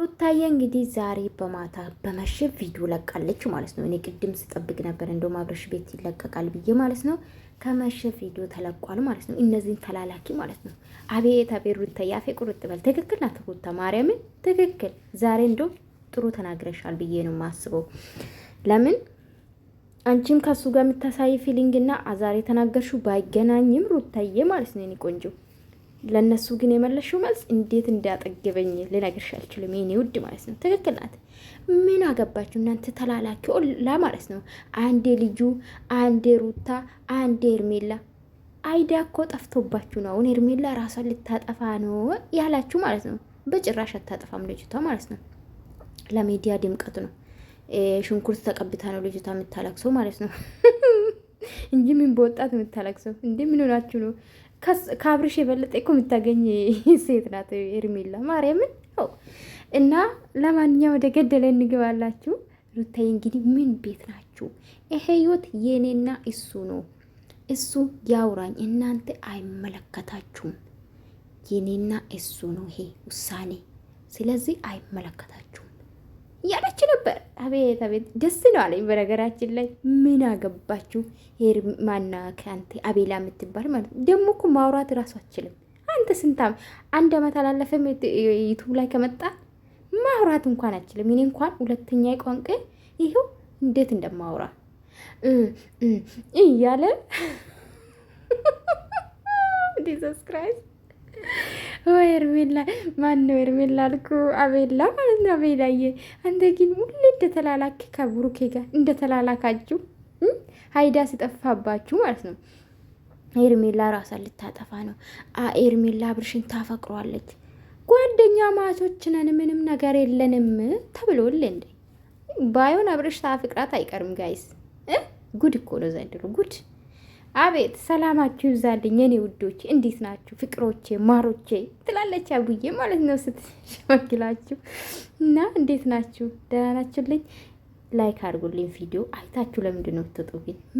ሩታዬ እንግዲህ ዛሬ በማታ በመሸ ቪዲዮ ለቃለች ማለት ነው። እኔ ቅድም ስጠብቅ ነበር እንደውም አብረሽ ቤት ይለቀቃል ብዬ ማለት ነው። ከመሸ ቪዲዮ ተለቋል ማለት ነው። እነዚህን ተላላኪ ማለት ነው። አቤት አቤት ሩታዬ አፌ ቁርጥ በል። ትክክል ናት ሩታ ማርያምን፣ ትክክል ዛሬ እንደውም ጥሩ ተናግረሻል ብዬ ነው የማስበው። ለምን አንቺም ከሱ ጋር የምታሳይ ፊሊንግ እና ዛሬ ተናገርሹ ባይገናኝም ሩታዬ ማለት ነው። እኔ ቆንጆ ለእነሱ ግን የመለሽው መልስ እንዴት እንዳጠገበኝ ልነግርሽ አልችልም። የኔ ውድ ማለት ነው። ትክክል ናት። ምን አገባችሁ እናንተ ተላላኪ ላ ማለት ነው። አንዴ ልጁ፣ አንዴ ሩታ፣ አንዴ እርሜላ። አይዳ እኮ ጠፍቶባችሁ ነው። አሁን እርሜላ ራሷን ልታጠፋ ነው ያላችሁ ማለት ነው። በጭራሽ አታጠፋም ልጅቷ ማለት ነው። ለሚዲያ ድምቀት ነው። ሽንኩርት ተቀብታ ነው ልጅቷ የምታለቅሰው ማለት ነው እንጂ ምን በወጣት የምታለቅሰው እንዴ? ምን ሆናችሁ ነው? ከአብርሽ የበለጠ እኮ የምታገኝ ሴት ናት ሄርሜላ ማርያምን። እና ለማንኛው ወደ ገደለ እንግባላችሁ። ሩታዬ እንግዲህ ምን ቤት ናችሁ? ይሄ ህይወት የእኔና እሱ ነው። እሱ ያውራኝ፣ እናንተ አይመለከታችሁም። የኔና እሱ ነው ይሄ ውሳኔ። ስለዚህ አይመለከታችሁም። እያለች ነበር። አቤት አቤት ደስ ነው አለኝ። በነገራችን ላይ ምን አገባችሁ ሄር ማና ከአንተ አቤላ የምትባል ማለት ደግሞ እኮ ማውራት እራሱ አችልም። አንተ ስንታም አንድ አመት አላለፈም ዩቱብ ላይ ከመጣ ማውራት እንኳን አችልም። እኔ እንኳን ሁለተኛ ቋንቅ ይኸው እንዴት እንደማውራ እያለ ዲዘስ ክራይስት ወይ እርሜላ ማን ነው እርሜላ አልኩ። አቤላ ማለት ነው። አቤላዬ አንተ ግን ሁሌ እንደተላላክ ከብሩኬ ጋር እንደተላላካችሁ ሀይዳ ሲጠፋባችሁ ማለት ነው። ኤርሜላ ራሷን ልታጠፋ ነው። ኤርሜላ አብርሽን ታፈቅሯለች። ጓደኛ ማቾች ነን፣ ምንም ነገር የለንም ተብሎል እንዴ? ባይሆን አብርሽ ታፍቅራት አይቀርም። ጋይስ ጉድ እኮ ነው ዘንድሮ ጉድ አቤት ሰላማችሁ ይብዛልኝ የኔ ውዶች፣ እንዴት ናችሁ? ፍቅሮቼ፣ ማሮቼ ትላለች አብዬ ማለት ነው ስትሸመግላችሁ እና እንዴት ናችሁ? ደህና ናችሁልኝ? ላይክ አድርጉልኝ። ቪዲዮ አይታችሁ ለምንድን ነው ትወጡ?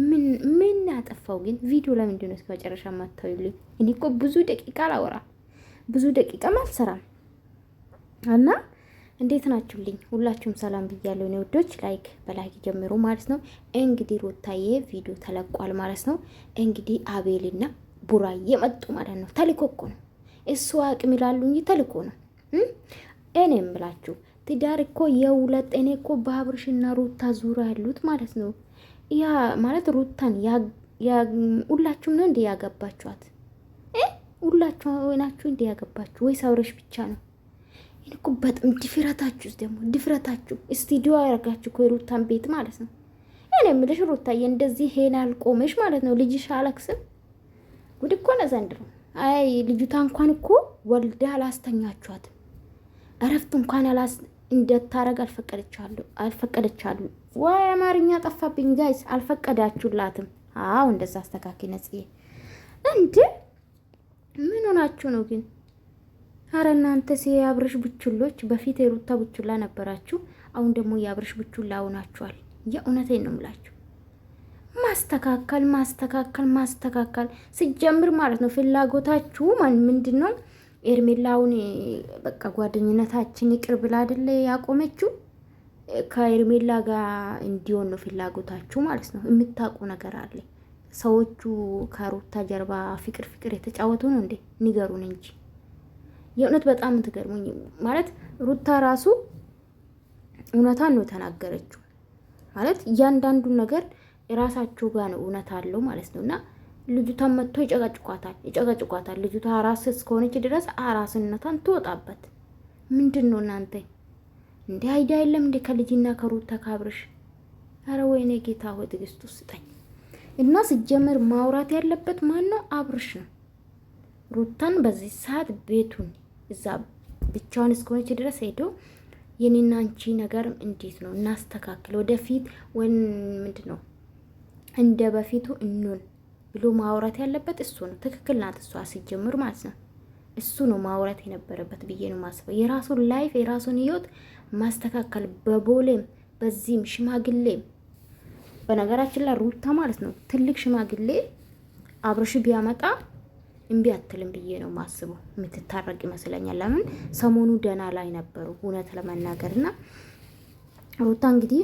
ግን ምን አጠፋው? ግን ቪዲዮ ለምንድን ነው እስከ መጨረሻ ማታዩልኝ? እኔ እኮ ብዙ ደቂቃ አላወራም፣ ብዙ ደቂቃም አልሰራም እና እንዴት ናችሁልኝ? ሁላችሁም ሰላም ብያለሁ። እኔ ውዶች ላይክ በላይክ ጀምሩ ማለት ነው። እንግዲህ ሩታዬ ቪዲዮ ተለቋል ማለት ነው። እንግዲህ አቤልና ቡራዬ መጡ ማለት ነው። ተልኮ እኮ ነው እሱ አቅም ይላሉ እንጂ ተልኮ ነው። እኔ የምላችሁ ትዳር እኮ የሁለት እኔ እኮ በአብርሽና ሩታ ዙሪያ ያሉት ማለት ነው። ያ ማለት ሩታን ሁላችሁም ነው እንዲ ያገባችኋት? ሁላችሁ ናችሁ እንዲ ያገባችሁ ወይስ አብረሽ ብቻ ነው? እኮ በጣም ድፍረታችሁ ደግሞ ድፍረታችሁ ስቱዲዮ ያደርጋችሁ እኮ የሩታን ቤት ማለት ነው። እኔ የምልሽ ሩታዬ እንደዚህ ሄና አልቆመሽ ማለት ነው። ልጅሽ አላክስም ጉድ እኮ ነው ዘንድሮ። አይ ልጅቷ እንኳን እኮ ወልዳ አላስተኛችኋትም። እረፍት እንኳን አላስ እንደታረግ አልፈቀደቻለሁ አልፈቀደቻሉ። ወይ አማርኛ ጠፋብኝ ጋይስ። አልፈቀዳችሁላትም። አዎ እንደዛ አስተካኪ ነጽዬ እንዴ ምን ሆናችሁ ነው ግን? አረ እናንተስ የአብረሽ ቡችሎች፣ በፊት የሩታ ቡችላ ነበራችሁ፣ አሁን ደግሞ የአብርሽ ቡችላ ሆናችኋል። የእውነቴን ነው የምላችሁ። ማስተካከል ማስተካከል ማስተካከል ስጀምር ማለት ነው። ፍላጎታችሁ ማን ምንድን ነው? ኤርሜላውን በቃ ጓደኝነታችን ይቅር ብላ አይደለ ያቆመችው ከኤርሜላ ጋር እንዲሆን ነው ፍላጎታችሁ ማለት ነው። የምታውቁ ነገር አለ። ሰዎቹ ከሩታ ጀርባ ፍቅር ፍቅር የተጫወቱ ነው እንዴ? ንገሩን እንጂ የእውነት በጣም ትገርሙኝ። ማለት ሩታ ራሱ እውነታን ነው የተናገረችው ማለት እያንዳንዱ ነገር የራሳቸው ጋር ነው እውነት አለው ማለት ነው እና ልጅቷን መጥቶ ይጨቀጭቋታል ይጨቀጭቋታል። ልጅቷ አራስ እስከሆነች ድረስ አራስነቷን ትወጣበት። ምንድን ነው እናንተ እንዲህ አይዳ የለም እንዴ ከልጅና ከሩታ ካብርሽ? ኧረ ወይኔ ጌታ ሆይ ትዕግስቱ ስጠኝ። እና ስጀምር ማውራት ያለበት ማን ነው? አብርሽ ነው። ሩታን በዚህ ሰዓት ቤቱን እዛ ብቻዋን እስከሆነች ድረስ ሄዶ የኔና አንቺ ነገር እንዴት ነው እናስተካክል፣ ወደፊት ወይም ምንድን ነው እንደ በፊቱ እኑን ብሎ ማውራት ያለበት እሱ ነው። ትክክል ናት እሷ ሲጀምር ማለት ነው። እሱ ነው ማውራት የነበረበት ብዬ ነው ማስበው። የራሱን ላይፍ የራሱን ህይወት ማስተካከል በቦሌም በዚህም ሽማግሌም በነገራችን ላይ ሩታ ማለት ነው ትልቅ ሽማግሌ አብረሽ ቢያመጣ እምቢ አትልም ብዬ ነው ማስበው። የምትታረቅ ይመስለኛል። ለምን ሰሞኑ ደህና ላይ ነበሩ እውነት ለመናገር እና ሩታ እንግዲህ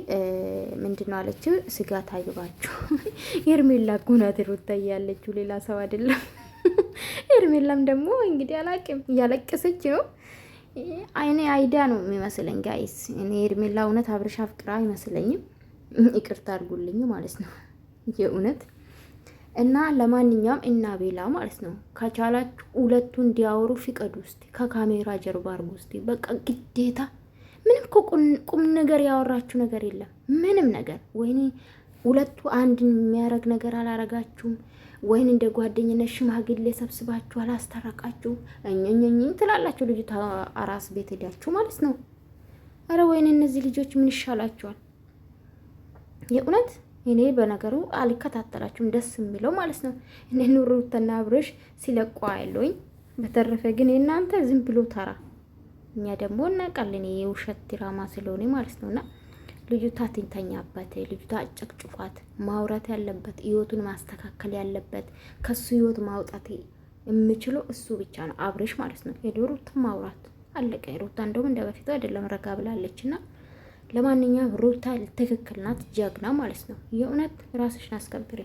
ምንድን ነው አለችው፣ ስጋት አይግባችሁ የርሜላ ጉናት ሩታ እያለችው ሌላ ሰው አይደለም። የእርሜላም ደግሞ እንግዲህ አላቅም እያለቀሰች ነው። አይኔ አይዳ ነው የሚመስለኝ ጋይስ። እኔ የእርሜላ እውነት አብረሻ ፍቅራ አይመስለኝም። ይቅርታ አድርጉልኝ ማለት ነው የእውነት እና ለማንኛውም እና ቤላ ማለት ነው ከቻላችሁ ሁለቱ እንዲያወሩ ፍቀዱ ውስጥ ከካሜራ ጀርባ አርጉ ውስጥ በቃ ግዴታ ምንም ቁም ነገር ያወራችሁ ነገር የለም። ምንም ነገር ወይኔ ሁለቱ አንድን የሚያደርግ ነገር አላረጋችሁም። ወይን እንደ ጓደኝነት ሽማግሌ ሰብስባችሁ አላስታረቃችሁ እኝኝኝ ትላላችሁ። ልጅቷ አራስ ቤት ሄዳችሁ ማለት ነው። አረ ወይኔ እነዚህ ልጆች ምን ይሻላችኋል የእውነት እኔ በነገሩ አልከታተላችሁም ደስ የሚለው ማለት ነው። እኔ ሩታና አብርሽ ሲለቁ አያለሁኝ። በተረፈ ግን የእናንተ ዝም ብሎ ተራ፣ እኛ ደግሞ እናውቃለን የውሸት ድራማ ስለሆነ ማለት ነውና ልጅቷ ትንተኛበት፣ ልጅቷ አጨቅጭቋት፣ ማውራት ያለበት ህይወቱን ማስተካከል ያለበት ከሱ ህይወት ማውጣት የምችለው እሱ ብቻ ነው፣ አብርሽ ማለት ነው። የዶሩት ማውራት አለቀ። ሩታ እንደውም እንደ በፊቱ አይደለም ረጋ ብላለችና ለማንኛውም ሩታ ትክክል ናት፣ ጀግና ማለት ነው። የእውነት ራስሽን አስከብሪ።